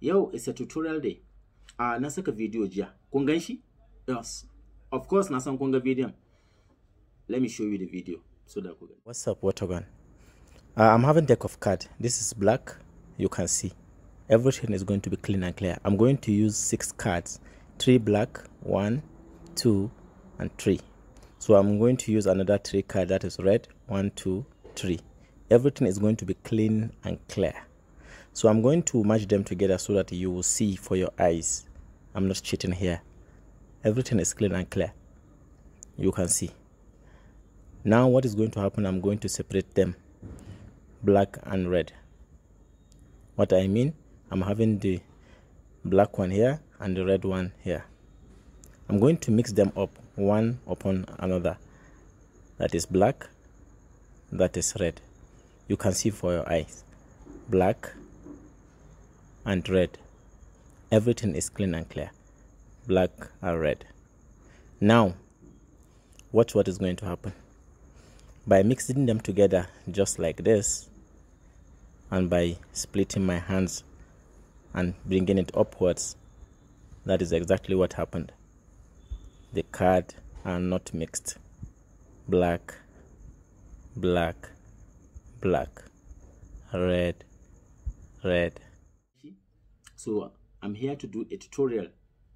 Yo, it's a tutorial day. Uh, ah, nasa ka video jiya. Kun gan Yes. Of course nasa san kung ga bidiyon. Let me show you the video so that ku What's up, Watagon? Uh, ah, I'm having deck of card. This is black. You can see. Everything is going to be clean and clear. I'm going to use six cards. Three black, one, two, and three so i'm going to use another three card that is red one two three everything is going to be clean and clear so i'm going to match them together so that you will see for your eyes i'm not cheating here everything is clean and clear you can see now what is going to happen i'm going to separate them black and red what i mean i'm having the black one here and the red one here I'm going to mix them up one upon another. That is black, that is red. You can see for your eyes. Black and red. Everything is clean and clear. Black and red. Now, watch what is going to happen. By mixing them together just like this, and by splitting my hands and bringing it upwards, that is exactly what happened the card are not mixed black black black red red so i'm here to do a tutorial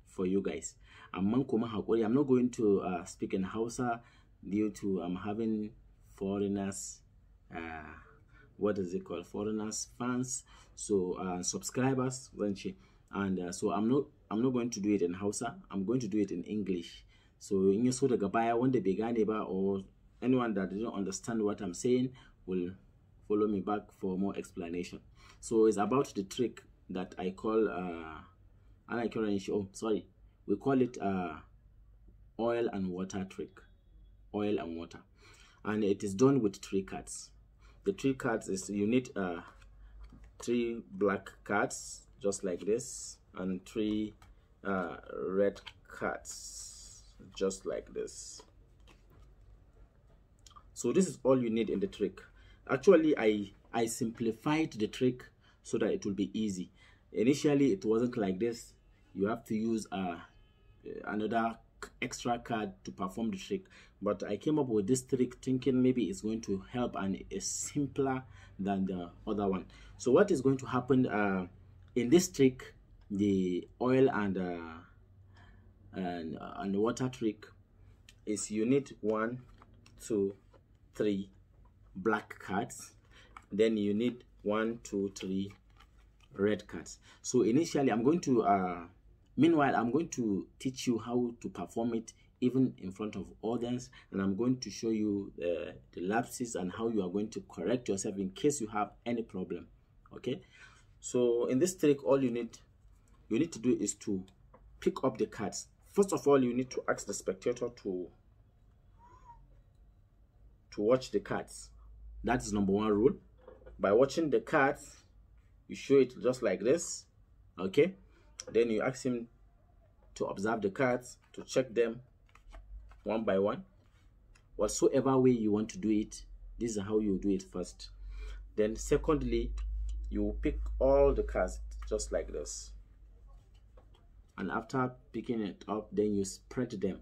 for you guys amma kuma i'm not going to uh, speak in hausa due to i'm um, having foreigners uh, what is it called foreigners fans so uh, subscribers and uh, so i'm not i'm not going to do it in hausa i'm going to do it in english so in ya so daga gabaya, when they began ba or anyone that didn't understand what i'm saying will follow me back for more explanation so it's about the trick that i call uh i kiran shi oh sorry we call it uh oil and water trick oil and water and it is done with three cards the three cards is you need uh three black cards just like this and three uh red cards just like this so this is all you need in the trick actually i i simplified the trick so that it will be easy initially it wasn't like this you have to use a uh, another extra card to perform the trick but i came up with this trick thinking maybe it's going to help and it's simpler than the other one so what is going to happen uh, in this trick the oil and uh, and uh, and the water trick is you need one two three black cards then you need one two three red cards so initially i'm going to uh meanwhile i'm going to teach you how to perform it even in front of audience and i'm going to show you uh, the lapses and how you are going to correct yourself in case you have any problem okay so in this trick all you need you need to do is to pick up the cards first of all you need to ask the spectator to to watch the cards that is number one rule by watching the cards you show it just like this okay then you ask him to observe the cards to check them one by one whatsoever way you want to do it this is how you do it first then secondly you pick all the cards just like this and after picking it up then you spread them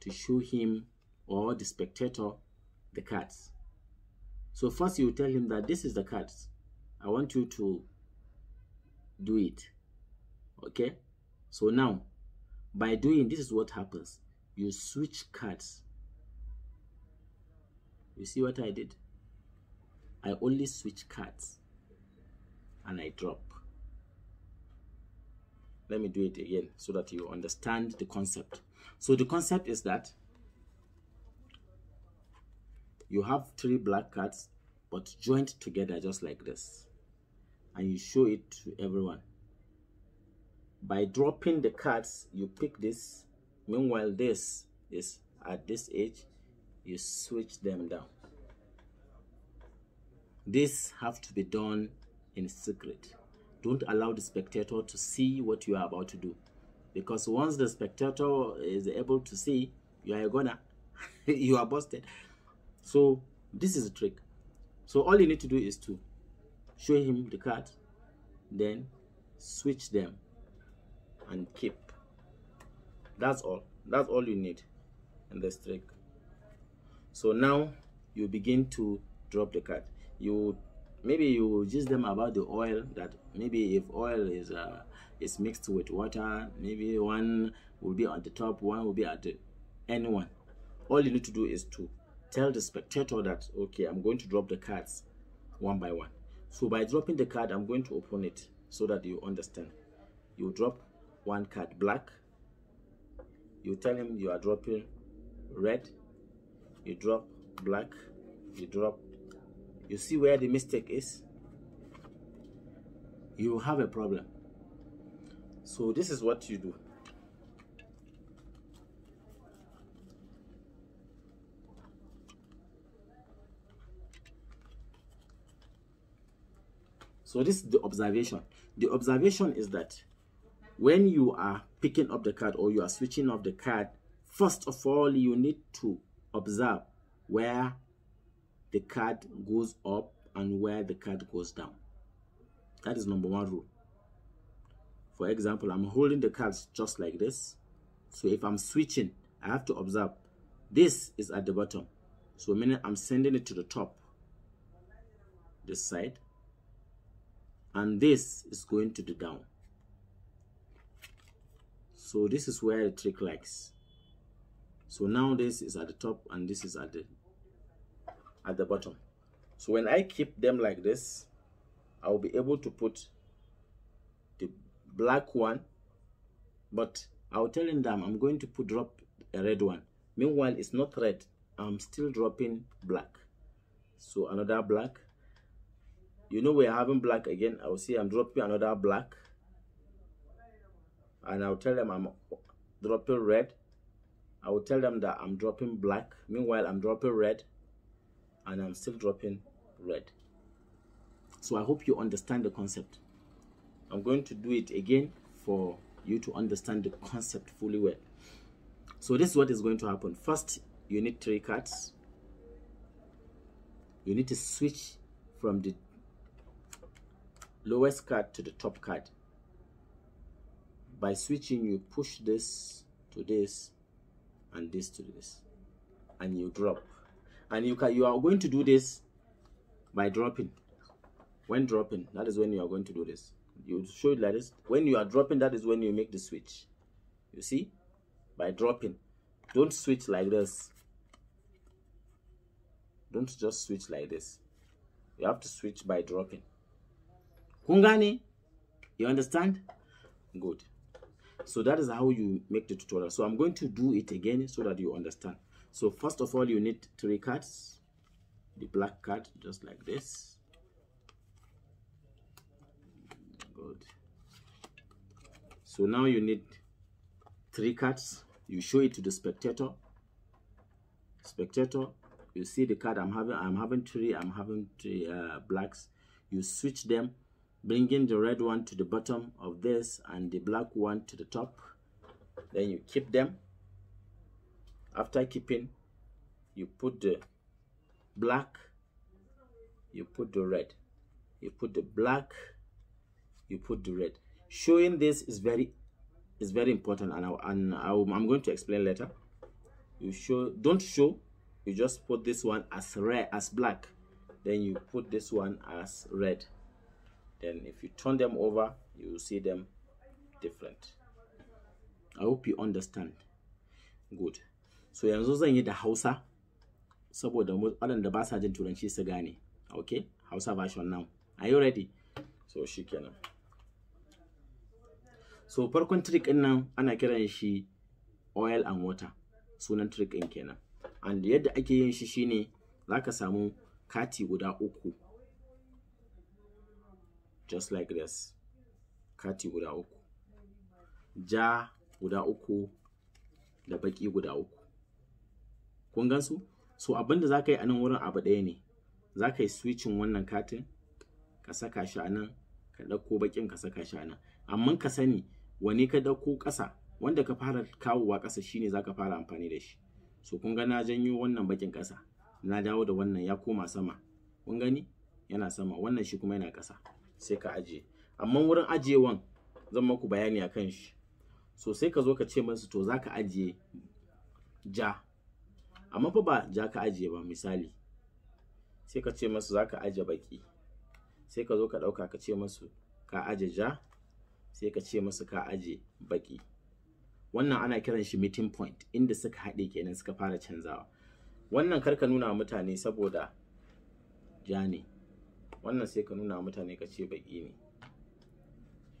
to show him or the spectator the cards so first you tell him that this is the cards i want you to do it okay so now by doing this is what happens you switch cards you see what i did i only switch cards and i drop let me do it again so that you understand the concept so the concept is that you have three black cards but joined together just like this and you show it to everyone by dropping the cards you pick this meanwhile this is at this edge you switch them down this have to be done in secret don't allow the spectator to see what you are about to do because once the spectator is able to see you are gonna you are busted so this is a trick so all you need to do is to show him the card then switch them and keep that's all that's all you need in this trick so now you begin to drop the card you maybe you use them about the oil that maybe if oil is uh, is mixed with water maybe one will be at the top one will be at the anyone. all you need to do is to tell the spectator that okay i'm going to drop the cards one by one so by dropping the card i'm going to open it so that you understand you drop one card black you tell him you are dropping red you drop black you drop you see where the mistake is you have a problem so this is what you do So this is the observation. The observation is that when you are picking up the card or you are switching off the card, first of all, you need to observe where the card goes up and where the card goes down. That is number one rule. For example, I'm holding the cards just like this. So if I'm switching, I have to observe this is at the bottom. So meaning I'm sending it to the top, this side. And this is going to the down. So this is where the trick lies. So now this is at the top and this is at the at the bottom. So when I keep them like this, I will be able to put the black one, but I'll tell them I'm going to put drop a red one. Meanwhile, it's not red. I'm still dropping black. So another black. You know we're having black again. I'll say I'm dropping another black. And I'll tell them I'm dropping red. I will tell them that I'm dropping black. Meanwhile, I'm dropping red. And I'm still dropping red. So I hope you understand the concept. I'm going to do it again for you to understand the concept fully well. So this is what is going to happen. First, you need three cards. You need to switch from the lowest card to the top card. By switching, you push this to this and this to this. And you drop. And you, can, you are going to do this by dropping when dropping that is when you are going to do this you show it like this when you are dropping that is when you make the switch you see by dropping don't switch like this don't just switch like this you have to switch by dropping kungani you understand good so that is how you make the tutorial so i'm going to do it again so that you understand so first of all you need three cards the black card just like this good so now you need three cards you show it to the spectator spectator you see the card i'm having i'm having three i'm having three uh, blacks you switch them bringing the red one to the bottom of this and the black one to the top then you keep them after keeping you put the black you put the red you put the black you put the red showing this is very is very important and, I, and I, i'm going to explain later you show don't show you just put this one as red as black then you put this one as red then if you turn them over you will see them different i hope you understand good so yanzu zan yi da hausa saboda waɗanda ba sa jin turanci su gane okay hausa version now are you ready so shikenan so farkon trick din nan ana kiran shi oil and water sunan trick din kenan and yadda ake yin shi shine zaka samu kati guda uku just like this kati guda uku ja guda uku da baki guda uku kun gansu so abinda zaka yi a nan wurin abu ɗaya ne zaka yi switching wannan katin ka saka shi a nan ka ɗauko bakin ka saka shi a nan amma ka sani wani ka dauko ƙasa wanda ka fara kawowa ƙasa shine zaka fara amfani da shi so kun ga na janyo wannan bakin ƙasa na dawo da wannan ya koma sama kun gani yana sama wannan shi kuma yana ƙasa sai ka ajiye amma wurin ajiyewan zan maku bayani a kan shi so sai ka zo ka ce masu to zaka ajiye ja amma fa ba ja ka ajiye ba misali sai ka ce masu zaka ajiye baki sai ka zo ka ɗauka ka ce masu ka aje ja sai ka ce musu ka aje baki wannan ana kiran shi meeting point inda suka haɗe kenan suka fara canzawa wannan kar ka nuna mutane saboda ja ne wannan sai ka nuna mutane ka ce baki ne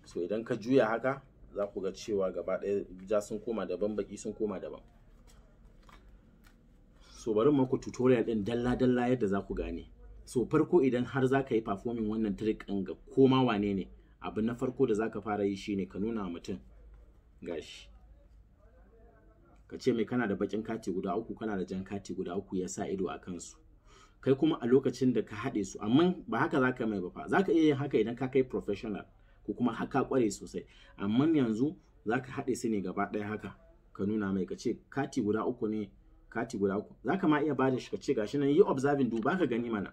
so idan ka juya haka za ku ga cewa gaba ɗaya ja sun koma daban baki sun koma daban so bari muku tutorial ɗin dalla dalla yadda za ku gane so farko idan har za ka yi performing wannan trick ɗin ga koma wane ne abu na farko da zaka fara yi shine ka nuna mutum gashi ka ce mai kana da bakin kati guda uku kana da jan kati guda uku ya sa ido a kansu kai kuma a lokacin da ka haɗe su amma ba haka zaka mai ba fa zaka iya yin haka idan ka kai professional ko kuma haka kware sosai amma yanzu zaka haɗe su ne gaba ɗaya haka ka nuna mai ka ce kati guda uku ne kati guda uku zaka ma iya ba da shi ka ce gashi nan yi observing duba ka gani mana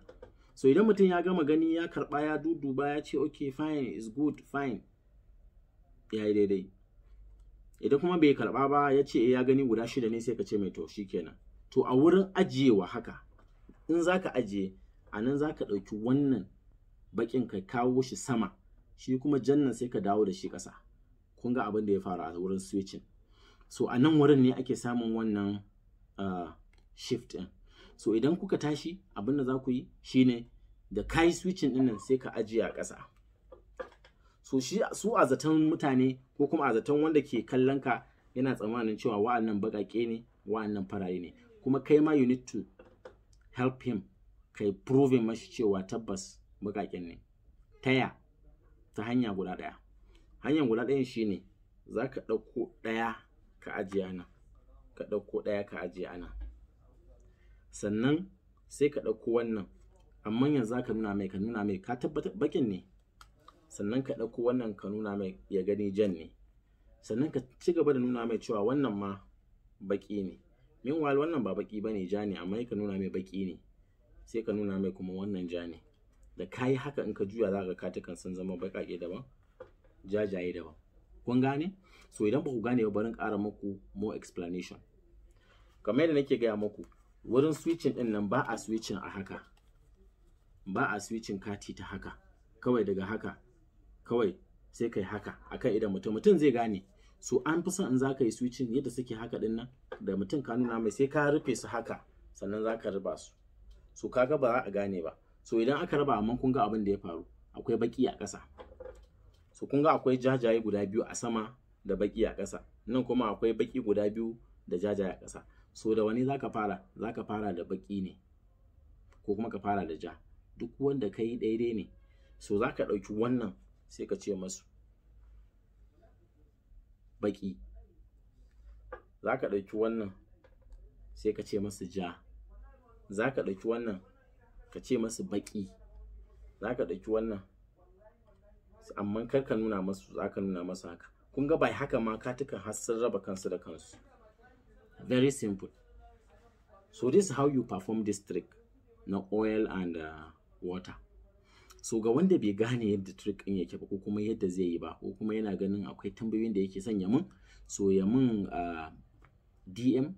so idan mutum ya gama gani ya karba ya duduba ya ce okay fine is good fine ya yi daidai idan kuma bai karba ba ya ce eh, ya gani guda shida ne sai ka ce mai to kenan to a wurin ajiyewa haka in za ka ajiye a nan za ka ɗauki wannan bakin ka kawo shi sama shi kuma jannan sai ka dawo da shi ƙasa kun ga abin da ya faru a wurin switching so a nan wurin ne ake samun wannan uh, shift ɗin so idan kuka tashi abin da za ku yi shine da kai switching din nan sai ka ajiye a ƙasa so shi su a zaton mutane ko kuma a zaton wanda ke kallon ka yana tsammanin cewa wa'annan baƙaƙe ne wa'annan faraye ne kuma kai ma you need to help him kai prove mashi cewa tabbas baƙaƙen ne taya ta hanya guda ɗaya hanyar guda ɗayan shine za ka ɗauko ɗaya ka ajiye ana ka ɗauko ɗaya ka ajiye ana sannan sai ka ɗauko wannan amma yanzu ka nuna mai ka nuna mai ka tabbatar bakin ne sannan ka ɗauko wannan ka nuna mai ya gani jan ne sannan ka ci gaba da nuna mai cewa wannan ma baki ne meanwhile wannan ba baki bane ja ne amma ka nuna mai baki ne sai ka nuna mai kuma wannan ja ne da yi haka in ka juya za ka katukan sun zama baƙaƙe daban jajaye daban kun gane so idan ba ku gane ba barin ƙara muku more explanation kamar yadda nake gaya muku wurin switching din nan ba a switching a haka ba a switching kati ta haka kawai daga haka kawai sai kai haka akan idan mutum mutum zai gane so an fi son in za ka yi switching yadda suke haka din nan da mutum ka nuna mai sai ka rufe su haka sannan za ka riba su so kaga ba za a gane ba so idan aka raba amma kun ga abin da ya faru akwai baki a ƙasa so kun ga akwai jajaye guda biyu a sama da baki a ƙasa nan kuma akwai baki guda biyu da jajaye a ƙasa so da wani zaka fara zaka fara da baki ne ko kuma ka fara da ja duk wanda ka yi daidai ne so za ka ɗauki wannan sai ka ce masu baƙi za ka ɗauki wannan sai ka ce masu ja za ka ɗauki wannan ka ce masu baƙi za ka ɗauki wannan amma kar ka nuna masu za ka nuna masu haka kun ga bai haka ma katukan har sun raba kansu da kansu very simple so this is how you perform this trick na oil and uh, water so ga wanda bai gane yadda trick ɗin yake ba ko kuma yadda zai yi ba ko kuma yana ganin akwai tambayoyin da yake son ya mun so ya mun ah, dm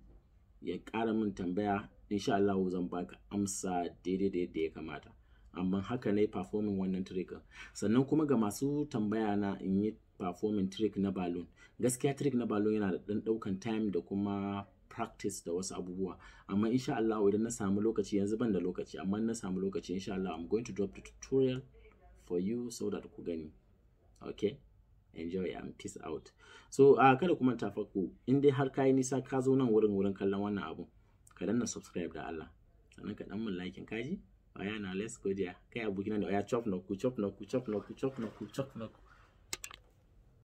ya ƙara min tambaya insha Allah zan baka amsa daidai da yadda ya kamata amma haka ne performing wannan trick sannan kuma ga masu tambaya na in yi performing trick na balloon gaskiya trick na balloon yana da ɗan ɗaukan time da kuma practice da wasu abubuwa amma insha Allah idan na samu lokaci yanzu ban da lokaci amma na samu lokaci insha Allah I'm going to drop the tutorial for you so that ku gani okay enjoy and peace out so a uh, kada ku manta fa ku in dai har kai nisa ka zo nan wurin wurin kallon wannan abu ka danna subscribe da Allah sannan ka dan mun like kaji baya na let's go there kai abokina da ya chop na ku chop na ku chop na ku chop na ku chop na ku